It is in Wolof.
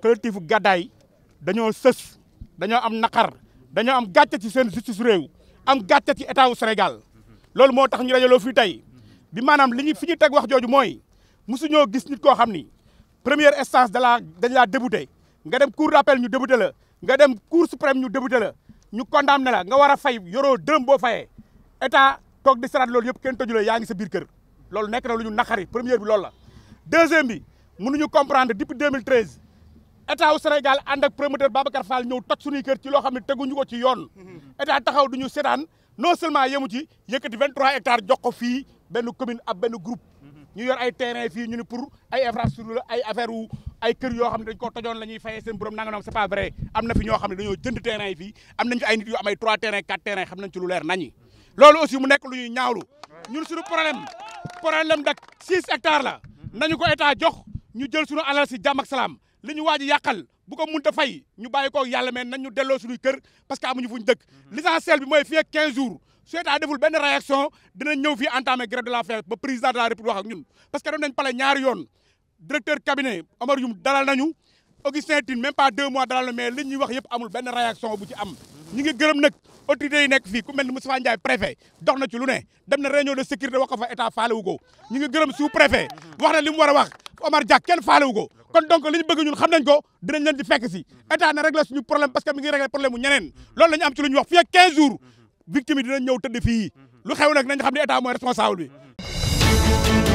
collectif gadai, dañoo sës dañoo am nakar, dañoo am gàcce ci sen justice am gàcce ci état wu Sénégal loolu moo tax ñu dajaloo fii tey bi maanaam li ñu fi ñu teg wax musu mooy mosuñoo gis nit koo xam ni première instance da laa dañ laa débouté nga dem cour d'appel ñu débouté la nga dem cour suprême ñu débouté la ñu condamné la nga toog di saraat loolu yëpp kenn tëju la yaa ngi sa biir kër loolu nekk na lu ñu naqari première bi loolu la deuxième bi mënuñu comprendre depuis 2013 état wu Sénégal ànd ak promoteur Babacar Fall ñëw toj suñuy kër ci loo xam ne teguñu ko ci yoon mm-hmm. taxaw duñu seetaan non seulement yemu ci yëkkati 23 hectares jox ko fii benn commune ab benn groupe mm-hmm. ñu yor ay terrain fii ñu ne pour ay infrastructure la ay affaire wu ay kër yoo xam ne dañ ko tojoon la ñuy seen borom nanga noom c'est pas vrai am na ñoo xam ne dañoo jënd terrain yi fii am nañ fi lu leer nañi loolu aussi mu nekk lu ñuy ñaawlu ñun suñu problème problème dak six hectares la nañu ko état jox ñu jël sunu alal si jàmm ak salaam li ñu waaj yàqal bu ko mënta fay ñu bàyyi ko yàlla mais na ñu delloo suñuy kër parce que amuñu fu ñu dëkk mhm. l'essentiel bi mooy fii ak 15 jours su état deful benn réaction dinañ ñëw fii entamé grève de la faim ba président de la république wax ak ñun parce que doon nañ pale ñaari yoon directeur cabinet Omar Youm dalal mois dalal na mais li ñuy wax yëpp amul benn réaction bu ci am ñu ngi gërëm nag autorités yi nekk fii ku mel ni Moustapha Ndiaye préfet dox na ci ne dem na réunion de sécurité wax ko fa état faale wu ko ñu ngi gërëm sous préfet wax na li mu war a wax Omar Diak kenn faale wu kon donc li ñu ñun xam nañ ko dinañ leen di fekk si état na réglé suñu problème parce que mi ngi réglé problème mu ñeneen loolu am ci lu ñu wax fii ak 15 jours tëdd fii lu xew nag nañ xam ne état mooy responsable bi